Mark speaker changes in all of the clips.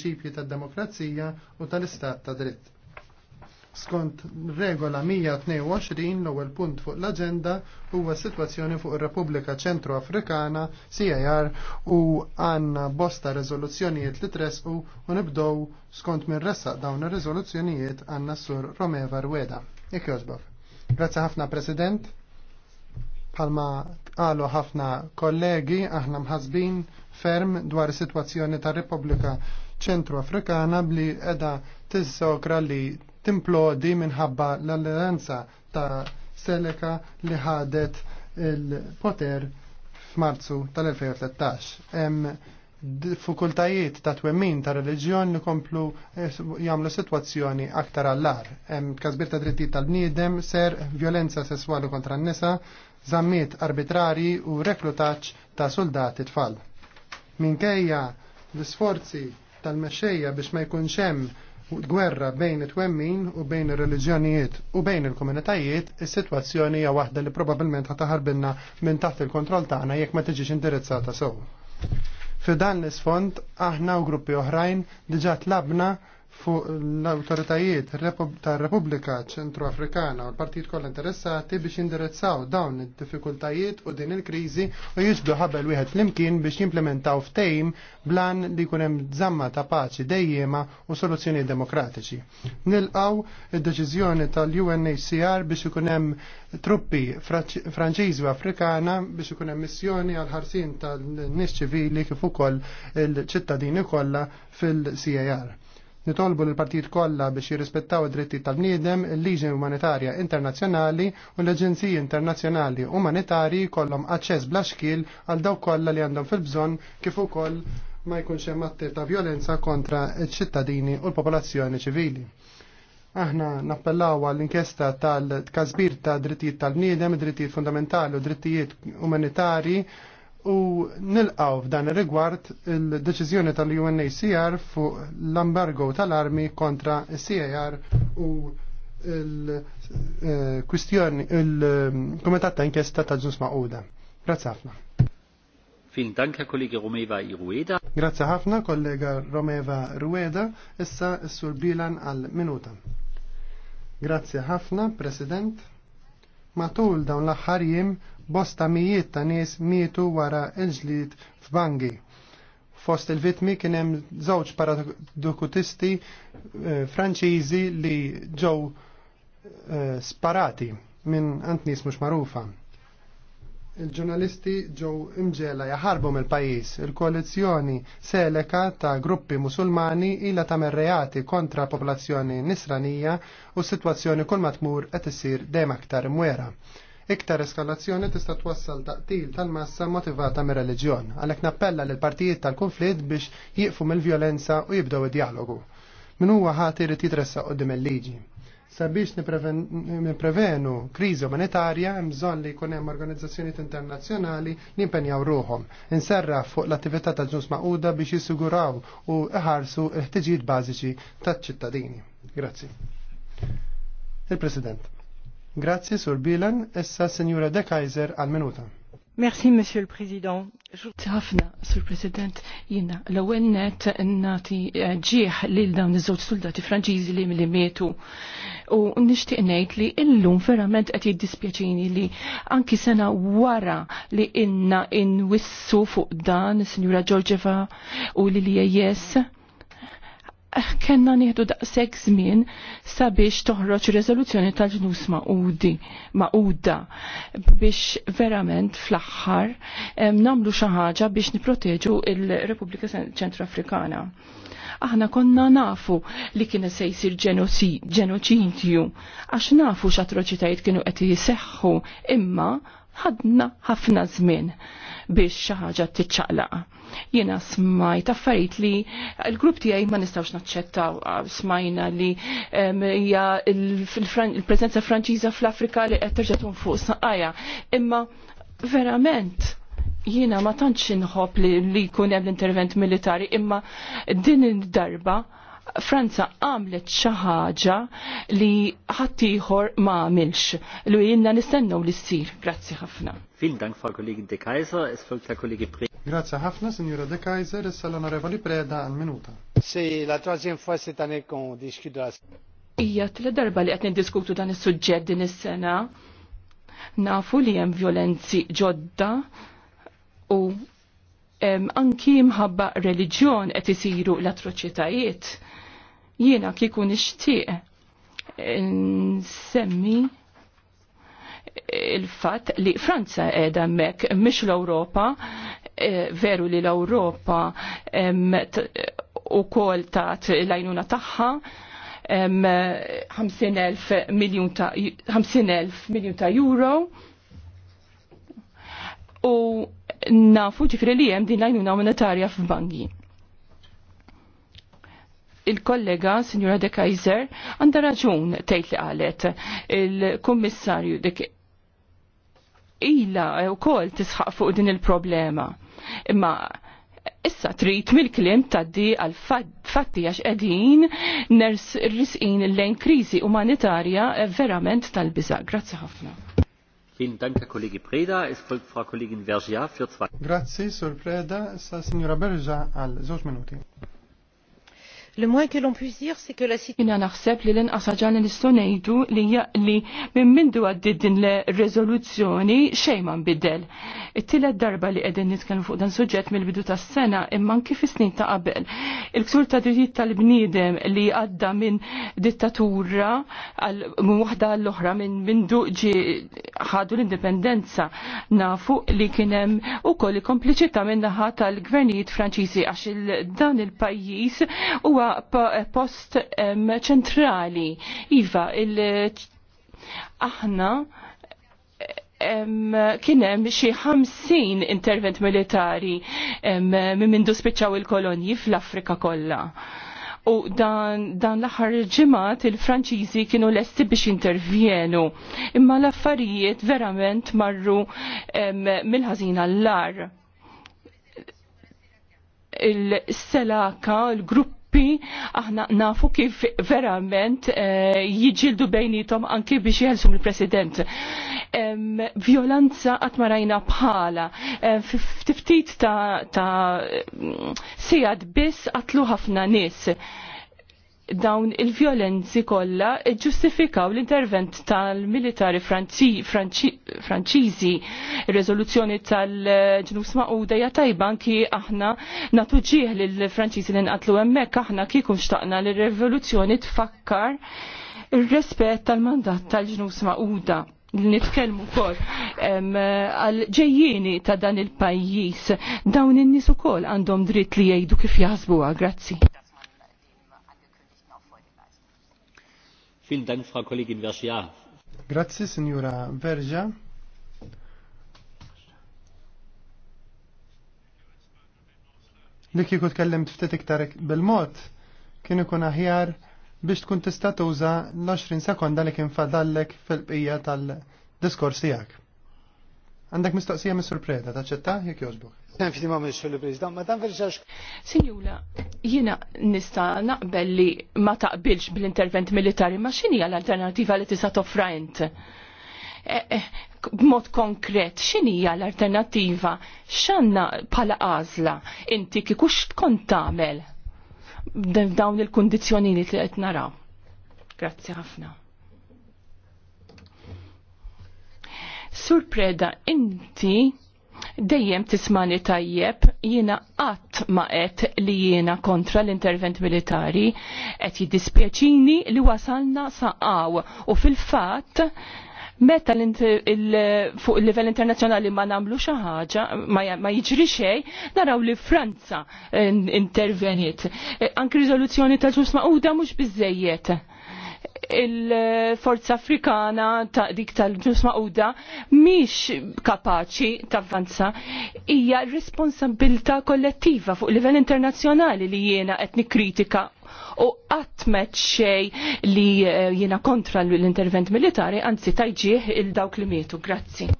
Speaker 1: prinċipji tad-demokrazija u tal-istat ta' dritt. Skont regola 122 l-ewwel punt fuq l-aġenda huwa s-sitwazzjoni fuq ir-Repubblika Ċentru Afrikana CAR u għandna bosta riżoluzzjonijiet li tresqu u nibdow skont minn ressaq dawn ir riżoluzzjonijiet għandna sur Romeva Rweda. Jekk jogħġbok. Grazzi ħafna President. Palma għalu ħafna kollegi aħna mħazbin ferm dwar is-sitwazzjoni tar-Repubblika ċentru Afrikana bli edha tissokra li timplodi minħabba l-alleanza ta' Seleka li ħadet il-poter f'Marzu tal-2013. Hemm diffikultajiet ta' twemmin ta' reliġjon li komplu eh, jagħmlu sitwazzjoni aktar allar. Hemm kazbir ta' drittijiet tal-bniedem, ser violenza sesswali kontra n-nisa, zammiet arbitrari u reklutaċ ta' soldati tfal. Minkejja l-sforzi tal-mexxejja biex ma jkunx hemm gwerra bejn it-twemmin u bejn ir-reliġjonijiet u bejn il-komunitajiet, is-sitwazzjoni hija waħda li probabbilment ħa binna minn taħt il-kontroll tagħna jekk ma tiġix indirizzata sew. Fi dan l isfond aħna u gruppi oħrajn diġà tlabna fuq l-autoritajiet ta' repubblika Ċentru Afrikana u l-Partit kollha interessati biex jindirizzaw dawn id-diffikultajiet u din il-kriżi u jiġdu ħabel wieħed flimkien biex jimplementaw ftejm blan li jkun hemm żamma ta' paċi dejjema u soluzzjoni demokratiċi. Nilqaw id-deċiżjoni tal-UNHCR biex ikun hemm truppi Franċiżi u Afrikana biex ikun hemm missjoni għal ħarsin tal-nies ċivili kif ukoll il-ċittadini kollha fil-CAR Nitolbu l-partit kollha biex jirrispettaw id-dritti tal-bniedem, il-liġi umanitarja internazzjonali u l-Aġenziji Internazzjonali Umanitarji kollhom aċċess bla xkil għal dawk kollha li għandhom fil-bżonn kif ukoll ma jkunx hemm ta' violenza kontra ċ-ċittadini u l-popolazzjoni ċivili. Aħna nappellaw għall-inkjesta tal-kazbir ta' drittijiet tal-bniedem, drittijiet fundamentali u drittijiet umanitarji u nilqaw f'dan ir-rigward il-deċiżjoni tal-UNHCR fuq l-embargo tal-armi kontra CAR u il-kwistjoni il-Kumitat ta' inkjesta ta' Ġus Maquda. Grazzi ħafna.
Speaker 2: Fin danka kollega Romeva Rueda.
Speaker 1: Grazzi ħafna kollega Romeva Rueda, issa s-sur Bilan għal minuta. Grazzi ħafna, President. Matul dawn l-aħħar jiem Bosta mijiet ta' nies mietu wara il-ġlid f'Bangi. Fost il-vitmi kien hemm żewġ paradokutisti eh, Franċiżi li ġew eh, sparati minn antnis mhux magħrufa il-ġurnalisti ġew imġela jaħarbu mill-pajis. Il-koalizjoni seleka ta' gruppi musulmani ila ta' reati kontra popolazzjoni nisranija u s-situazzjoni kull matmur qed issir dejjem aktar mwera. Iktar eskalazzjoni tista' twassal daqtil tal-massa motivata mir reliġjon għalhekk nappella lil partijiet tal-konflitt biex jieqfu mill-vjolenza u jibdew id-dialogu. Min huwa ħati irid jitressaq qudiem il-liġi. Sabiex niprevenu kriżi umanitarja hemm bżonn li jkun hemm organizzazzjonijiet internazzjonali li jimpenjaw ruħhom. Inserra fuq l-attività ta' ġus maquda biex jissiguraw u iħarsu l-ħtiġijiet bażiċi taċ-ċittadini. Grazzi. Il-President. Grazzi, Sur Bilan. Essa Signora De Kaiser, al minuta.
Speaker 3: Merci, Monsieur le Président. Ħafna, Sur President, jina, l-ewel net nati eh, ġieħ li l-dawn iż-żewġ soldati franċiżi li mill mietu. U nixtieq ngħid li illum verament qed jiddispjaċini li anki sena wara li inna inwissu fuq dan, Sinjura Georgeva u Lilija Jess Kenna nieħdu daqshekk żmien sabiex toħroġ riżoluzzjoni tal-ġnus maqudi maquda biex verament fl-aħħar nagħmlu xi ħaġa biex nipproteġu il-Repubblika Ċentrafrikana. Aħna konna nafu li kien se jsir ġenoċidju għax nafu x'atroċitajiet kienu qed jiseħħu imma ħadna ħafna żmien biex xi ħaġa titċaqlaqa. Jiena smajt affarijiet li l-grupp tiegħi ma nistgħux naċċettaw smajna li hija il-preżenza Franċiża fl-Afrika li qed terġa' fuq saqajja. Imma verament jiena ma tantx inħobb li jkun hemm l-intervent militari imma din id-darba Franza għamlet xi ħaġa li ħattijħor ma għamilx li jinna nistennew li s-sir. Grazzi ħafna.
Speaker 2: Fil Dank, fa' kollegi De Kaiser. Es folgt ta' kollegi Pre.
Speaker 1: Grazie ħafna, Signora De Kaiser. es l-Onorevoli Preda għal minuta. Si, la troisième fois cette année qu'on għas.
Speaker 3: Ija tle darba li qed niddiskutu dan is-suġġett din is-sena. Nafu li hemm violenzi ġodda u anki mħabba reliġjon qed isiru l-atroċitajiet. Jiena kieku nixtieq eh, nsemmi il-fatt li Franza qiegħda hemmhekk mhix l-Ewropa eh, veru li l-Ewropa ukoll tat l-għajnuna ħamsin 50.000 miljun ta' euro u nafu ġifri li jem din lajnuna monetarja f'bangi. Il-kollega, Signora De Kaiser, għanda raġun tejt li għalet il-kommissarju dik ila u kol tisħaq fuq din il-problema. Imma issa trid mill-klim taddi għal fatti għax edin ners risqin lejn krizi umanitarja verament tal-biza. Grazzi ħafna.
Speaker 2: Grazie,
Speaker 1: Sor Preda, sa' Signora Berġa għal żewġ minuti.
Speaker 3: Le moins que l'on puisse dire c'est que la situation naħseb li l-inqas ħaġa li nistgħu ngħidu li hija li minn mindu għaddid din l-reżoluzzjoni xejn ma nbidel. It-tielet darba li qegħdin nitkellmu fuq dan suġġett mill-bidu tas-sena imma anki fis-snin ta' qabel. Il-ksur ta' diritt tal-bniedem li għadda minn dittatura minn waħda għall oħra minn mindu ġi ħadu l-indipendenza nafu li kien hemm ukoll kompliċità min-naħa tal-gvernijiet Franċiżi għax dan il-pajjiż huwa post ċentrali. Iva, il aħna kienem xie 50 intervent militari minn mindu spiċċaw il-kolonji fl-Afrika kollha. U dan, dan l-aħħar ġimgħat il-Franċiżi kienu lesti biex intervjenu. Imma l-affarijiet verament marru mill ħazina l-lar. Il-selaka, il-grupp gruppi aħna nafu kif verament eh, jiġildu bejnietom anki biex jelsum il-President. Violanza għatmarajna bħala, e, ftit ta', mm, sijad biss għatlu ħafna nis dawn il-violenzi kollha ġustifikaw l-intervent tal-militari Franċiżi. Ir-reżoluzzjoni tal-ġnus maquda hija tajba anki aħna natu ġieħ lill-Franċiżi li nqatlu hemmhekk aħna kieku xtaqna li r-revoluzzjoni tfakkar ir-rispett tal-mandat tal-ġnus maquda nitkellmu kol għal ġejjini ta' dan il-pajjiż dawn in-nies ukoll għandhom dritt li jgħidu kif jaħsbuha. Grazzi.
Speaker 2: Vielen Dank, Frau Kollegin Vergia.
Speaker 1: Grazie, signora Vergia. Li kieku tkellimt ftit iktar bil-mod, kien ikun aħjar biex tkun tista' tuża l-20 sekonda li kien fadallek fil-bqija tal-diskors tiegħek. Għandek mistoqsija mis-surpreda, taċċetta jekk jogħġbok.
Speaker 3: Sinjura, jina nista naqbel li ma taqbilx bl-intervent militari, ma xini għal-alternativa li tisa toffra int? Eh, eh, b'mod konkret, xinija l-alternativa, xanna pala għazla, inti kikux tkun tamel dawn il-kondizjonini li qed naraw. Grazzi ħafna. Sur Preda, inti dejjem tismani tajjeb jiena qatt ma qed li jiena kontra l-intervent militari qed jiddispjaċini li wasalna saqaw u fil-fatt meta fuq il-livell internazzjonali ma nagħmlu xi ħaġa, ma jiġri xejn, naraw li Franza eh, intervenit. Eh, anki riżoluzzjoni tal-ġus maquda mhux biżejjed il-forza afrikana ta' dik tal-ġus ma'uda miex kapaċi tavvanza hija responsabilta kollettiva fuq livell internazzjonali li jiena qed nikkritika u għatmet xej li eh, jiena kontra l-intervent militari anzi tajġieħ il-dawk li mietu. Grazzi.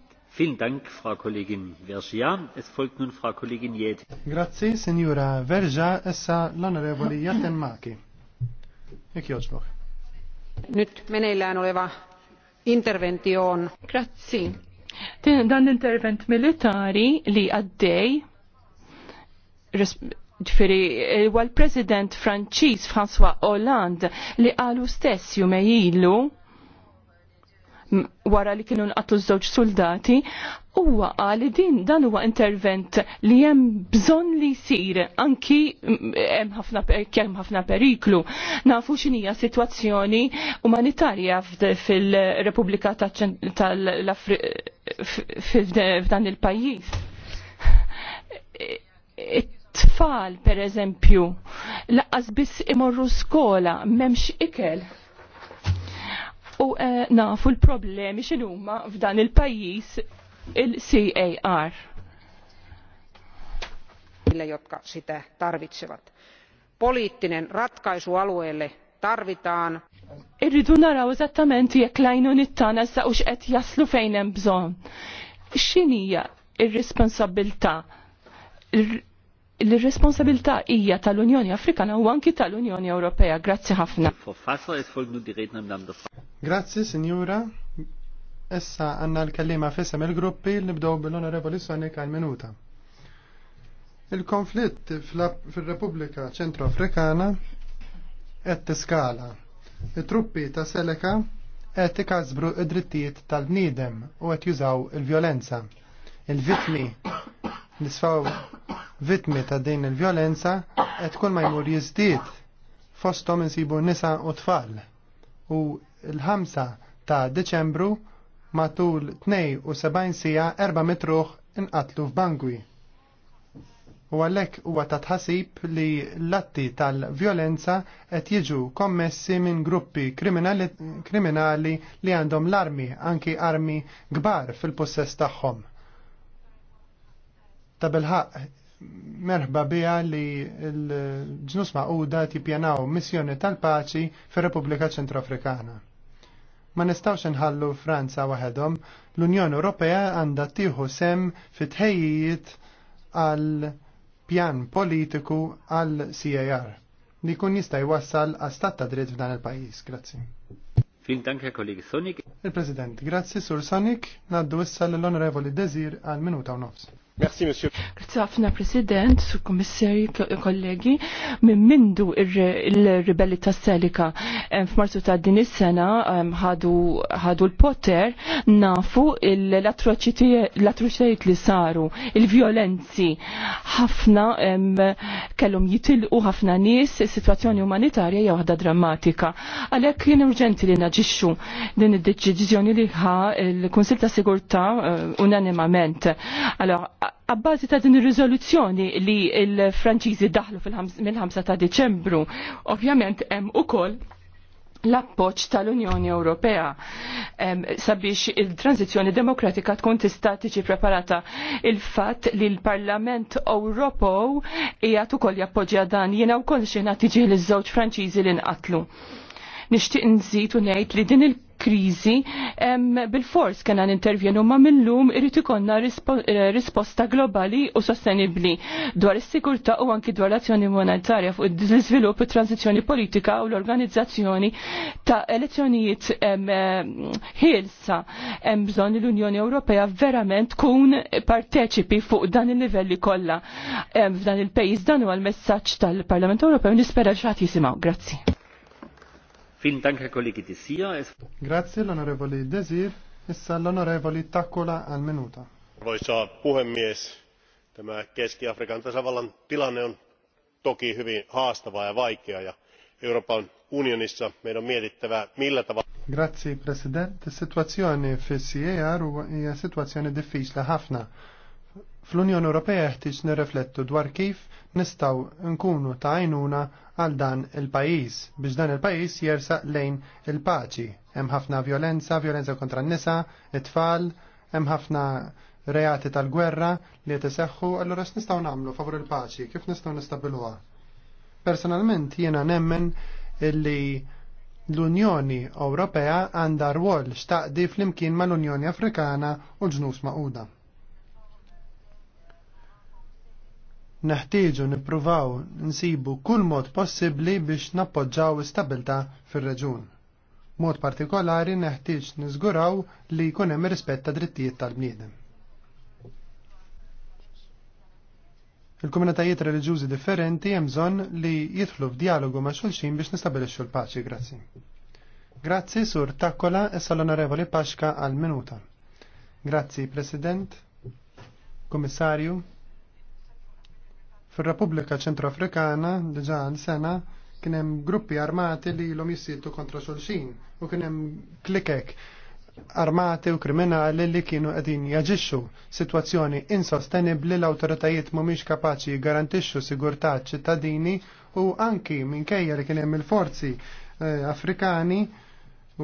Speaker 2: Vielen Dank, Frau Kollegin Verja. Es folgt nun Frau Kollegin Jed.
Speaker 1: Grazie, Signora Verja, Essa l'onorevoli Jatten Maki. Ik joġbok.
Speaker 3: Nyt meneillään oleva on. Grazzi. Dan intervent militari li għaddej ġifiri għal-president Franċiż François Hollande li għalu stess jumejilu wara li kienu nqattu żewġ soldati, huwa qal din dan huwa intervent li hemm bżonn li jsir anki hemm ħafna kemm ħafna periklu. Nafu hija sitwazzjoni umanitarja fil-Repubblika tal-F'dan il-pajjiż. It-tfal, per eżempju, laqqas biss imorru skola, m'hemmx ikel u eh, nafu l-problemi x'inhuma f'dan il pajis il-CAR. Mille, jotka sitä tarvitsevat. Poliittinen
Speaker 2: ratkaisu alueelle tarvitaan.
Speaker 3: Irridu naraw eżattament jekk lajnu nittana sa ux x'qed jaslu fejn hemm bżonn. X'inhija r-responsabilità l-responsabilità hija tal-Unjoni Afrikana u anki tal-Unjoni Ewropea. Grazzi ħafna.
Speaker 2: Grazzi, Signora.
Speaker 1: Issa għanna l-kallima fissem il-gruppi li nibdow bil-Onorevoli Sonik għal minuta. Il-konflitt fil-Repubblika Ċentru Afrikana qed tiskala. Il-truppi ta' Seleka qed ikazbru id-drittijiet tal-bniedem u qed jużaw il-vjolenza. Il-vitmi nisfaw vittmi ta' din il-violenza qed kull ma jmur jiżdied fosthom insibu nisa u tfal. U l ħamsa ta' Deċembru matul 72 sija 4 mitruħ inqatlu f'Bangwi. U għalhekk huwa ta' tħassib li l-atti tal-vjolenza qed jiġu kommessi minn gruppi kriminali, kriminali li għandhom l-armi, anki armi kbar fil-possess tagħhom. Ta' bilħaq merħba biha li l-ġnus maquda tippjanaw missjoni tal-paċi fir-Repubblika Ċentrafrikana. Ma nistawx nħallu Franza waħedhom, l-Unjoni Ewropea għandha tieħu sem fit-tħejjiet għal pjan politiku għal CAR li kun jista' jwassal għal stat ta' dritt f'dan il-pajjiż. Grazzi.
Speaker 2: Fin tanke kollegi Sonic.
Speaker 1: Il-President, grazzi Sur Sonic, naddu issa l-Onorevoli Desir għal minuta u nofs.
Speaker 2: Merci, monsieur.
Speaker 3: Grazie President, su kollegi, minn mindu il-ribelli tas-selika Eh, f'Marzu ta' din is-sena eh, ħadu l-Potter nafu l-atroċitajiet li saru, il-vjolenzi. Ħafna kellhom jitilqu ħafna nies, is-sitwazzjoni umanitarja hija waħda drammatika. Għalhekk kien urġenti li naġixxu din id-deċiżjoni li ħa l-Kunsil ta' Sigurtà eh, unanimament. għabbażi ta' din ir-riżoluzzjoni li l-Franċiżi daħlu mill-5 ta' Deċembru, ovvjament hemm ukoll l-appoċ tal-Unjoni Ewropea sabiex il-tranzizjoni demokratika tkun tista' tiġi preparata il-fatt li l-Parlament Ewropew qiegħed ukoll jappoġġja dan jiena wkoll xi tiġi l żewġ Franċiżi li nqatlu. Nixtieq nżid u ngħid li din il- kriżi bil-fors kena nintervjenu ma millum irrid ikonna eh, risposta globali u sostenibbli dwar is-sigurtà u anki dwar l-azzjoni monetarja fuq l-iżvilupp u tranzizzjoni politika u l-organizzazzjoni ta' elezzjonijiet eh, ħilsa hemm bżonn l-Unjoni Ewropea verament tkun parteċipi fuq dan il-livelli kollha f'dan il-pejjiż dan huwa l-messaġġ tal-Parlament Ewropew nispera xi ħadd jisimgħu. Grazzi.
Speaker 2: Fin dank kollegi Tissija. Grazie l'onorevoli
Speaker 1: Desir, issa l'onorevoli Takkola al minuta.
Speaker 2: Arvoisa puhemies, tämä Keski-Afrikan tasavallan tilanne on toki hyvin haastava ja vaikea ja
Speaker 1: Euroopan unionissa meidän on mietittävä millä tavalla Grazie Presidente, situazione fis e ja situazione difficile hafna. Fl-Unjoni Ewropea ħtiġ nirreflettu dwar kif nistaw nkunu ta' għajnuna għal dan il-pajis biex dan il-pajis jersaq lejn il-paċi. Hemm ħafna violenza, violenza kontra n-nisa, it-tfal, hemm ħafna reati tal-gwerra li tiseħħu, allura x'nistgħu nagħmlu favur il-paċi, kif nistgħu nistabilwa. Personalment jiena nemmen illi l-Unjoni Ewropea għandha rwol xtaqdi fl-imkien mal-Unjoni Afrikana u l-ġnus Maquda. Neħtieġu nippruvaw nsibu kull mod possibbli biex nappoġġaw istabilta fir-reġun. Mod partikolari neħtieġ niżguraw li jkun hemm rispett ta' drittijiet tal-bniedem. Il-komunitajiet reliġjużi differenti hemm bżonn li jidħlu f'dialogu ma' xulxin biex nistabilixxu l-paċi, grazzi. Grazzi sur Takkola e l-Onorevoli Paxka għal minuta. Grazzi President, Kommissarju, Fil-Repubblika Ċentrafrikana diġa sena kien hemm gruppi armati li l-om jissittu kontra xulxin u kien hemm klikek armati u kriminali li kienu qegħdin jaġixxu sitwazzjoni insostenibbli l-awtoritajiet mhumiex kapaċi jgarantixxu sigurtà ċittadini u anki minkejja li kien hemm il-forzi eh, Afrikani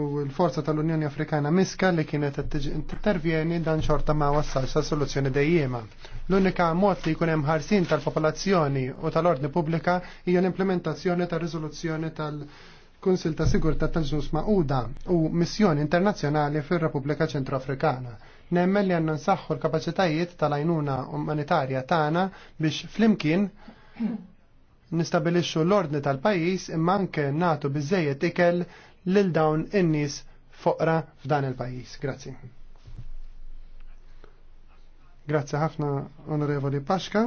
Speaker 1: u l-forza tal-Unjoni Afrikana Miska li kienet intervjeni dan xorta ma wassal sa' soluzzjoni dejjema. L-unika mod li jkun hemm ħarsin tal-popolazzjoni u tal-ordni pubblika hija l-implementazzjoni ta' rizoluzzjoni tal-Kunsil ta' Sigurtà tal ġus Maquda u missjoni internazzjonali fir-Repubblika Ċentroafrikana. Nemmen li għandna nsaħħu l-kapaċitajiet tal-għajnuna umanitarja tagħna biex flimkien nistabilixxu l-ordni tal-pajjiż imma anke nagħtu biżejjed ikel lil dawn in-nies foqra f'dan il-pajjiż. Grazzi. Grazzi ħafna Onorevoli Paxka.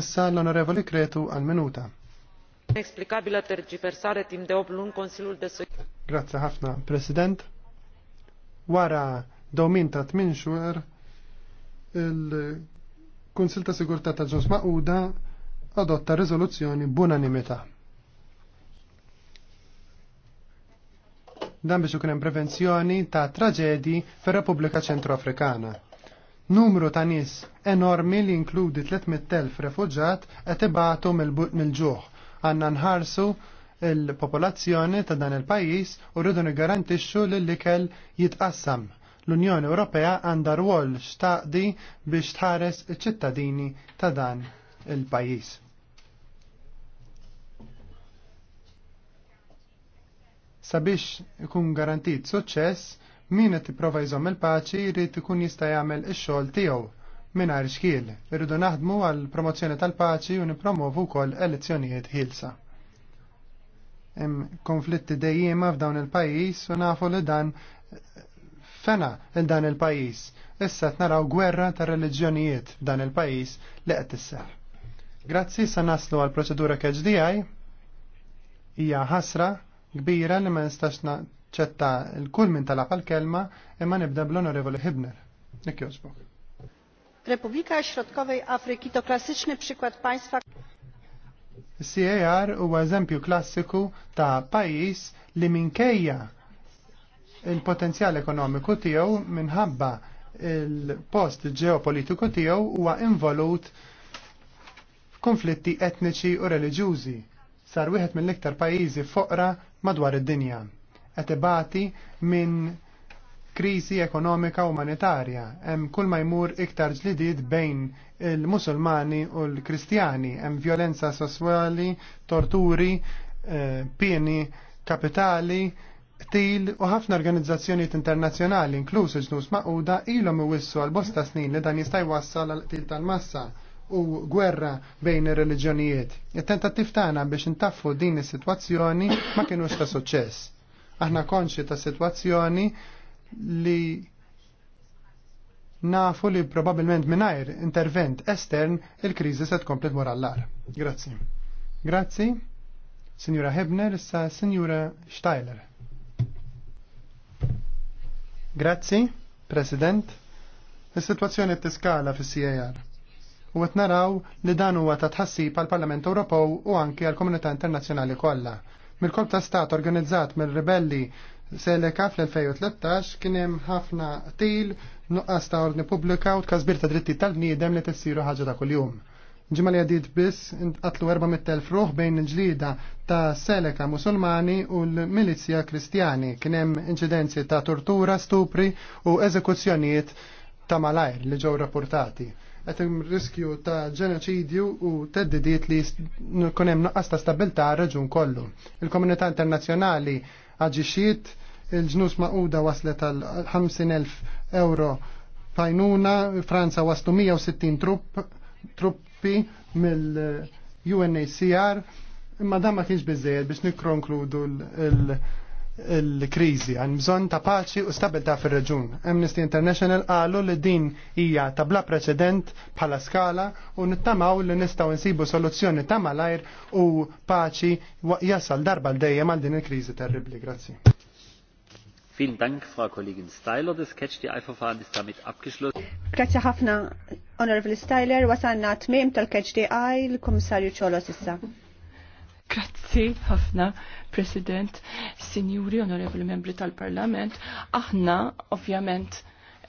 Speaker 1: Issa l-Onorevoli Kretu għal-minuta. Inexplicabilă
Speaker 2: tergiversare tim de oblun konsilul de Securitate.
Speaker 1: Grazzi ħafna, President. Wara domin ta' tminxwer il konsil ta' Sigurtà ta' Ġuns Maquda adotta riżoluzzjoni b'unanimità. dan biex ukrem prevenzjoni ta' traġedi fir Repubblika Ċentroafrikana. Numru ta' nies enormi li inkludi 300.000 refugġat qed ibatu mil ġuħ Għandna nħarsu il-popolazzjoni ta' dan il-pajjiż u rridu nigarantixxu li l-ikel jitqassam. L-Unjoni Ewropea għandha rwol xtaqdi biex tħares iċ-ċittadini ta' dan il-pajjiż. Sabiex ikun garantit suċċess, min qed tipprova jżomm il-paċi jrid ikun jista' jagħmel ix-xogħol tiegħu mingħajr xkiel. Irridu naħdmu għal promozzjoni tal-paċi u nippromovu wkoll elezzjonijiet ħilsa. Hemm konflitti dejjema f'dawn il-pajjiż u nafu li dan fena il-dan il-pajjiż. Issa qed naraw gwerra ta' reliġjonijiet f'dan il-pajjiż li qed tisseħ. Grazzi sa naslu għal proċedura KHDI. Hija ħasra kbira li ma nistax naċċetta l-kull minn talab kelma imma nibda bl-Onorevoli Hibner. Nik jożbok.
Speaker 2: Republika Środkowej Afryki to klasyczny przykład państwa.
Speaker 1: CAR huwa eżempju klassiku ta' pajis li minkejja il-potenzjal ekonomiku tiegħu minħabba il-post ġeopolitiku tiegħu huwa involut f'konflitti etniċi u reliġjużi sar wieħed mill-iktar pajjiżi foqra madwar id-dinja. Qed ibati minn kriżi ekonomika umanitarja. Hemm kull ma jmur iktar ġlidiet bejn il-Musulmani u l-Kristjani, hemm violenza sesswali, torturi, eh, pieni kapitali, til u ħafna organizzazzjonijiet internazzjonali, inkluż il-ġnus maquda, ilhom iwissu għal bosta snin li dan jista' jwassal għal qtil tal-massa u gwerra bejn ir-reliġjonijiet. Il-tentattiv tagħna biex intaffu din is-sitwazzjoni ma kienux ta' suċċess. Aħna konxi ta' sitwazzjoni li nafu li probabilment mingħajr intervent estern il-kriżi se tkompli tmur għall Grazzi. Grazzi. Signora Hebner, issa Signora Steiler. Grazzi, President. Is-sitwazzjoni tiskala fis-CAR u qed naraw li dan huwa ta' tħassib għal Parlament Ewropew u anki għal komunità internazzjonali kollha. Mill-kolb ta' stat organizzat mill-ribelli Seleka fl-2013 kien hemm ħafna til nuqqas ta' ordni pubblika u tkasbir ta' dritti tal-bniedem li tissiru ħaġa ta' kuljum. Ġimma li għadid biss għatlu 400.000 ruħ bejn il-ġlida ta' Seleka Musulmani u l-Milizja Kristjani. Kien hemm inċidenzi ta' tortura, stupri u eżekuzzjonijiet ta' malajr li ġew rapportati qed riskju ta' ġenoċidju u teddidiet li jkun hemm nuqqas ta' stabilta' raġun kollu. Il-komunità internazzjonali għagġiċiet, il-ġnus uda waslet għal 50.000 euro fajnuna, Franza waslu 160 trupp, truppi mill unacr imma dan ma kienx bizzejed biex nikkonkludu l- l-krizi, għan bżon ta' paċi u stabilta fil-reġun. Amnesty International qalu li din hija tabla preċedent bħala skala u nittamaw li nistaw nsibu soluzzjoni ta' malajr u paċi jasal darba l-dejjem għal din il-krizi terribli. Grazzi.
Speaker 2: Vielen Dank, Frau Kollegin Styler. Das Catch the Eye-Verfahren ist damit abgeschlossen.
Speaker 3: Grazie ħafna, Honorable Styler. Wasanna tmim tal-Catch the Eye, l-Kommissarju Ċolos issa. Grazzi ħafna, President, Sinjuri, Onorevoli Membri tal-Parlament. Aħna, ovvjament,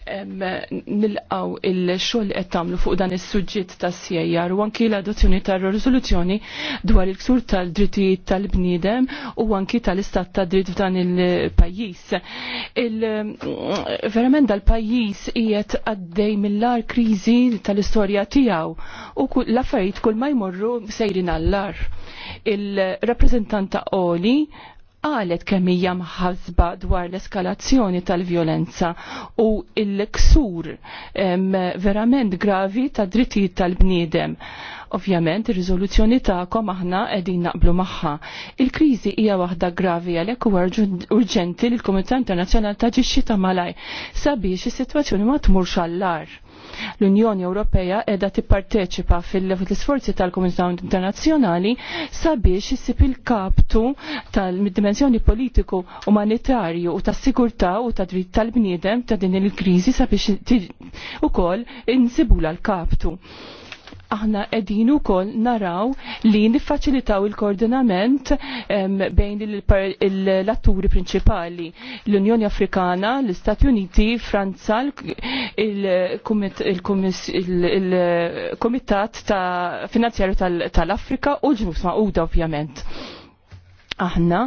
Speaker 3: nilqaw il-xogħol qed tagħmlu fuq dan is suġġitt tas-sejjar u anki l-adozzjoni tar-riżoluzzjoni dwar il-ksur tal-drittijiet tal-bniedem u anki tal-istat ta' dritt f'dan il-pajjiż. Verament dal-pajjiż qiegħed għaddej mill-ar kriżi tal-istorja tiegħu u l-affarijiet kull ma jmorru sejrin għall-ar. Il-rappreżentanta Oli qalet kemm hija mħasba dwar l-eskalazzjoni tal-vjolenza u l-ksur verament gravi ta' drittijiet tal-bniedem. Ovvjament, ir-riżoluzzjoni tagħkom aħna qegħdin naqblu magħha. Il-kriżi hija waħda gravi għalhekk huwa urġenti li l-Kumitat Internazzjonali taġixxi ta' malaj sabiex is-sitwazzjoni ma tmurx għall-ar L-Unjoni Ewropea edha tipparteċipa fil-sforzi tal-Komunità Internazzjonali sabiex issib il-kaptu tal-dimensjoni politiku umanitarju u tas-sigurtà u tad dritt tal-bniedem ta' din il-kriżi sabiex ukoll insibula l-kaptu aħna edin ukoll naraw li niffaċilitaw il-koordinament bejn l-atturi prinċipali l-Unjoni Afrikana, l-Istati Uniti, Franza, il-Komitat ta' Finanzjarju tal-Afrika u l-ġnus ma' ovvjament aħna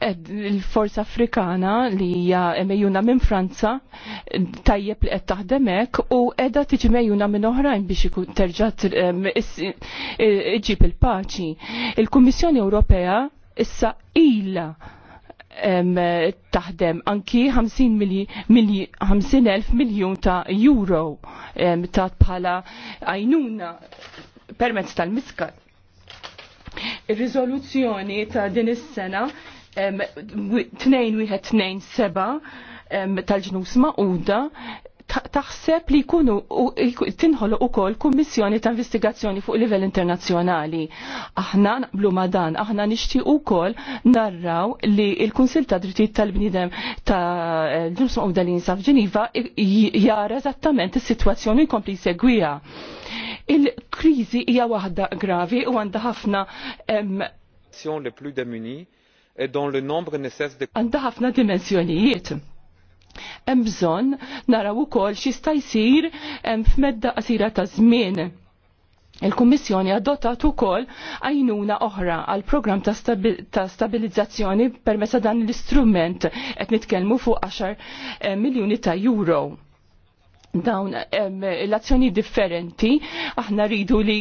Speaker 3: il-Forza eh, Afrikana li hija mejjuna minn Franza tajjeb li qed taħdem hekk u qiegħda tiġi mejjuna minn oħrajn biex ikun terġa' ehm, iġib il-paċi. Il-Kummissjoni Ewropea issa ilha ehm, taħdem anki 50 miljun ta' euro ehm, ta' bħala għajnuna permezz tal-miskat Ir-riżoluzzjoni ta' din is-sena tnejn wieħed seba' tal-ġnus ma'quda taħseb li jkunu tinħolu u kol kummissjoni ta' investigazzjoni fuq livell internazzjonali. Aħna naqblu ma' dan, aħna nixtieq ukoll narraw li il-Kunsil ta' Drittijiet tal-Bniedem ta' l-Nusma' Udalin sa' f'Ġeniva jara eżattament is-sitwazzjoni jkompli jsegwiha Il-kriżi hija waħda gravi u għandha ħafna
Speaker 2: għandha
Speaker 3: ħafna dimensjonijiet. Hemm bżonn naraw ukoll x'jista' jsir f'medda qasira ta' żmien. Il-Kummissjoni adottat ukoll għajnuna oħra għal programm ta', stabil ta stabilizzazzjoni permessa dan l-istrument qed nitkellmu fuq 10 eh, miljuni ta' euro dawn l-azzjoni differenti, aħna rridu li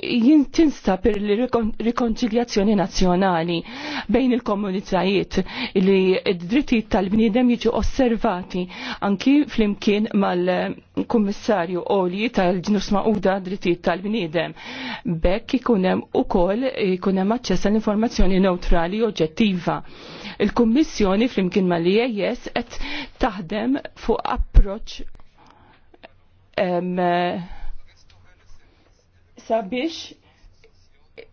Speaker 3: jintinsta per l-rekonċiljazzjoni nazjonali bejn il-komunitajiet li d-drittijiet tal-bniedem jiġu osservati anki fl-imkien mal-Kummissarju Oli tal-ġnus Mauda drittijiet tal-bniedem. Bekk ikunem u koll ikunem aċċess l-informazzjoni neutrali oġġettiva. Il-Kummissjoni fl-imkien mal-IAS e qed taħdem fuq approċ sabiex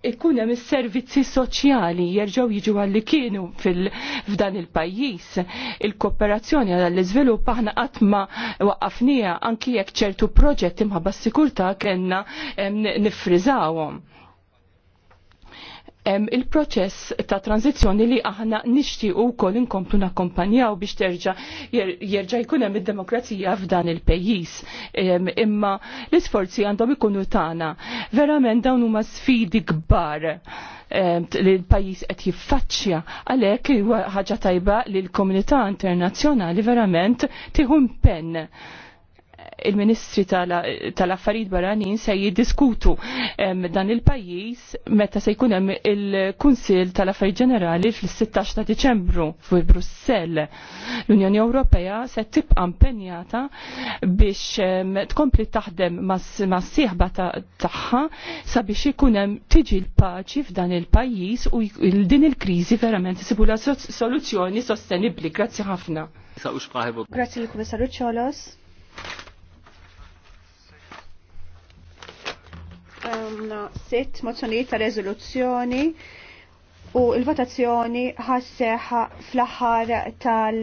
Speaker 3: ikkun hemm is-servizzi soċjali jerġgħu jiġu għalli kienu f'dan il-pajjiż. Il-kooperazzjoni għall iżvilupp aħna qatt ma waqqafnija anki jekk ċertu proġett imħabba s-sikurtà kellna nifriżawhom hemm il-proċess ta' tranzizzjoni li aħna nixtiequ wkoll inkomplu nakkompanjaw biex terġa' jerġa' jkun hemm id-demokrazija f'dan il-pejjiż. Imma l-isforzi għandhom ikunu tagħna. Verament dawn huma sfidi kbar li l-pajjiż qed jiffaċċja għalhekk ħaġa tajba li l-komunità internazzjonali verament tieħu pen il-Ministri tal-Affarijiet Barranin se jiddiskutu dan il-pajjiż meta se jkun hemm il-Kunsill tal-Affarijiet Ġenerali fl-16 ta' Diċembru fi Brussell. L-Unjoni Ewropea se tibqa' impenjata biex tkompli taħdem mas-sieħba tagħha sabiex ikun hemm tiġi l-paċi f'dan il-pajjiż u din il-kriżi verament isibu soluzzjoni sostenibbli. Grazzi ħafna.
Speaker 2: Grazzi lill kummissarju Ċolos.
Speaker 3: sitt mozzjonijiet ta' rezoluzzjoni u l
Speaker 2: votazzjoni ħasseħa fl-aħħar tal-